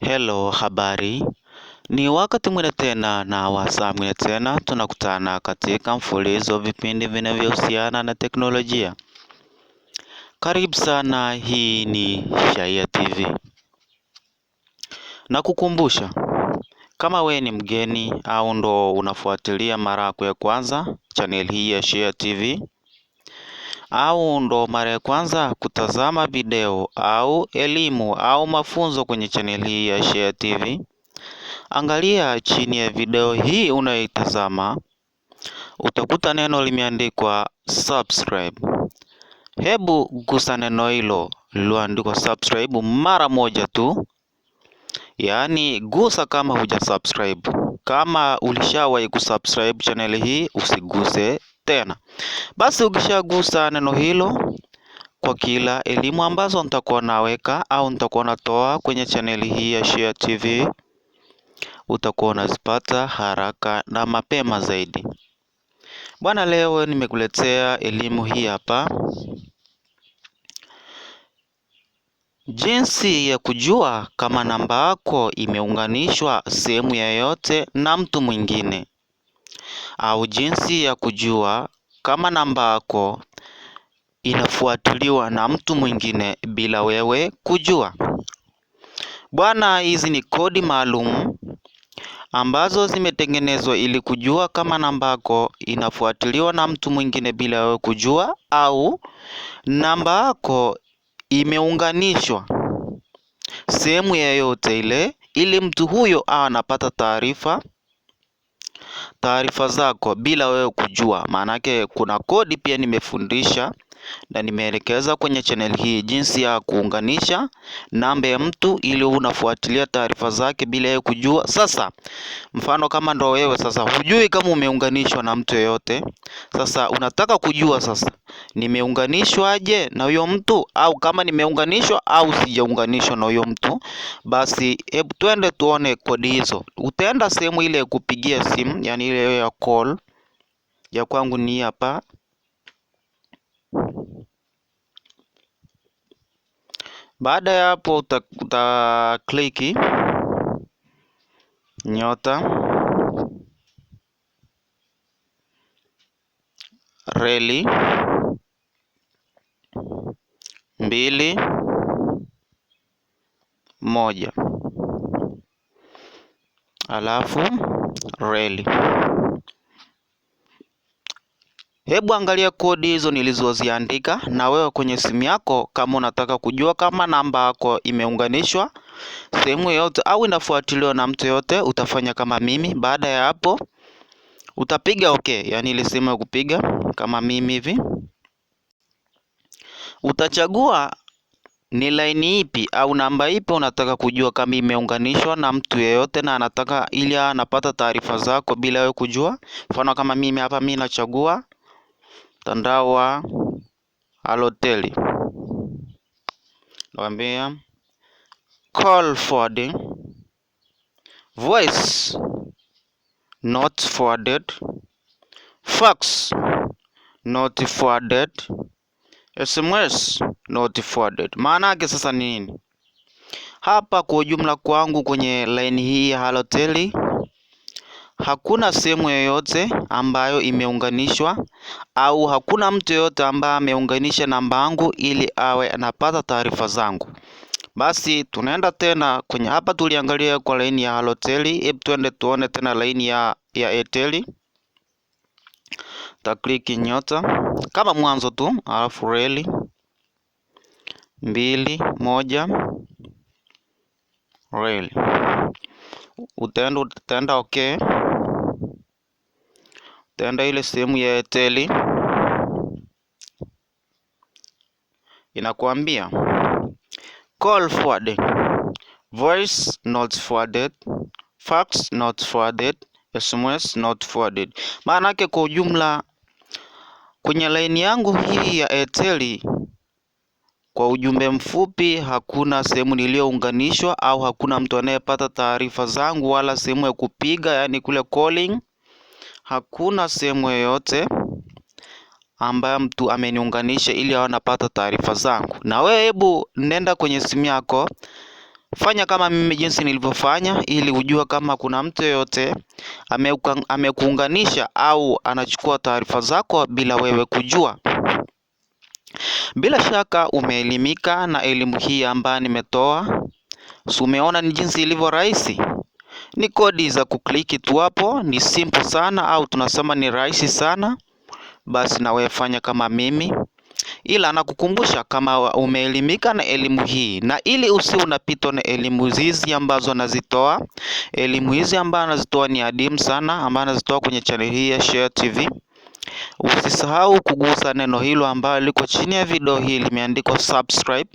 Hello habari, ni wakati mwingine tena na wasaa mwingine tena tunakutana katika mfululizo vipindi vinavyohusiana na teknolojia. Karibu sana, hii ni Shayia TV. na kukumbusha kama we ni mgeni au ndo unafuatilia mara yako ya kwanza channel hii ya Shayia TV, au ndo mara ya kwanza kutazama video au elimu au mafunzo kwenye chaneli hii ya Shayia TV, angalia chini ya video hii unayoitazama, utakuta neno limeandikwa subscribe. Hebu gusa neno hilo lililoandikwa subscribe mara moja tu, yaani gusa kama hujasubscribe. Kama ulishawahi kusubscribe channel hii usiguse tena. Basi ukishagusa neno hilo, kwa kila elimu ambazo nitakuwa naweka au nitakuwa natoa kwenye channel hii ya Shayia TV utakuwa unazipata haraka na mapema zaidi. Bwana, leo nimekuletea elimu hii hapa. Jinsi ya kujua kama namba yako imeunganishwa sehemu yoyote na mtu mwingine au jinsi ya kujua kama namba yako inafuatiliwa na mtu mwingine bila wewe kujua. Bwana, hizi ni kodi maalum ambazo zimetengenezwa ili kujua kama namba yako inafuatiliwa na mtu mwingine bila wewe kujua au namba yako imeunganishwa sehemu yeyote ile ili mtu huyo awe anapata taarifa taarifa zako bila wewe kujua maanake kuna kodi pia nimefundisha na nimeelekeza kwenye channel hii jinsi ya kuunganisha namba ya mtu ili unafuatilia taarifa zake bila yeye kujua. Sasa mfano kama ndo wewe sasa hujui kama umeunganishwa na mtu yeyote, sasa unataka kujua sasa nimeunganishwa na huyo mtu au kama nimeunganishwa au sijaunganishwa na huyo mtu. Basi hebu twende tuone kodi hizo. Utaenda sehemu ile kupigia simu, yani ile ya call. Ya kwangu ni hapa baada ya hapo uta, uta nyota reli mbili, moja, alafu reli. Hebu angalia kodi hizo nilizoziandika na wewe kwenye simu yako, kama unataka kujua kama namba yako imeunganishwa sehemu yoyote au inafuatiliwa na mtu yoyote, utafanya kama mimi. Baada ya hapo, utapiga okay, yaani ile sehemu ya kupiga kama mimi hivi. Utachagua ni laini ipi au namba ipi unataka kujua kama imeunganishwa na mtu yeyote na anataka ili anapata taarifa zako bila wewe kujua. Mfano kama mimi hapa mimi nachagua mtandao wa Halotel. Nawaambia call forwarding, voice not forwarded, fax not forwarded. SMS not forwarded. Maana yake sasa ni nini? Hapa kwa ujumla kwangu kwenye line hii ya Halotel hakuna sehemu yoyote ambayo imeunganishwa au hakuna mtu yoyote ambaye ameunganisha namba yangu ili awe anapata taarifa zangu. Basi tunaenda tena kwenye hapa, tuliangalia kwa laini ya Halotel, hebu tuende tuone tena laini ya ya Airtel. Utakliki nyota kama mwanzo tu, alafu reli mbili moja reli, utaenda utaenda ok, utaenda ile sehemu ya eteli inakuambia call forwarded, voice not forwarded, fax not forwarded, sms not forwarded. Maana yake kwa ujumla Kwenye laini yangu hii ya Airtel kwa ujumbe mfupi hakuna sehemu niliyounganishwa au hakuna mtu anayepata taarifa zangu wala sehemu ya kupiga yani kule calling. Hakuna sehemu yoyote ambayo mtu ameniunganisha ili awe anapata taarifa zangu. Na wewe hebu nenda kwenye simu yako Fanya kama mimi jinsi nilivyofanya ili ujue kama kuna mtu yoyote amekuunganisha au anachukua taarifa zako bila wewe kujua. Bila shaka umeelimika na elimu hii ambayo nimetoa. Si umeona ni jinsi ilivyo rahisi? Ni kodi za kukliki tu hapo, ni simple sana au tunasema ni rahisi sana. Basi na wewe fanya kama mimi ila nakukumbusha kama umeelimika na elimu hii, na ili usi unapitwa na elimu hizi ambazo nazitoa. Elimu hizi ambazo nazitoa ni adimu sana, ambazo nazitoa kwenye channel hii ya Shayia TV. Usisahau kugusa neno hilo ambalo liko chini ya video hii limeandikwa subscribe.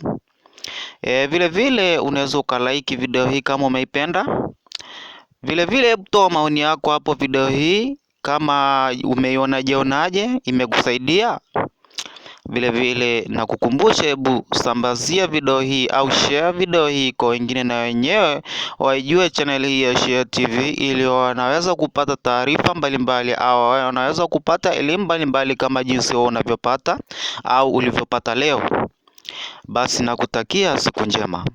E, vile vile unaweza ukalaiki video hii kama umeipenda. Vile vile toa maoni yako hapo video hii kama umeiona jeonaje, imekusaidia Vilevile kukumbusha hebu sambazia video hii au share video hii kwa wengine, na wenyewe waijue channel hii ya Shayia TV ili wanaweza kupata taarifa mbalimbali au wanaweza kupata elimu mbalimbali kama jinsi wewe unavyopata au ulivyopata leo. Basi nakutakia siku njema.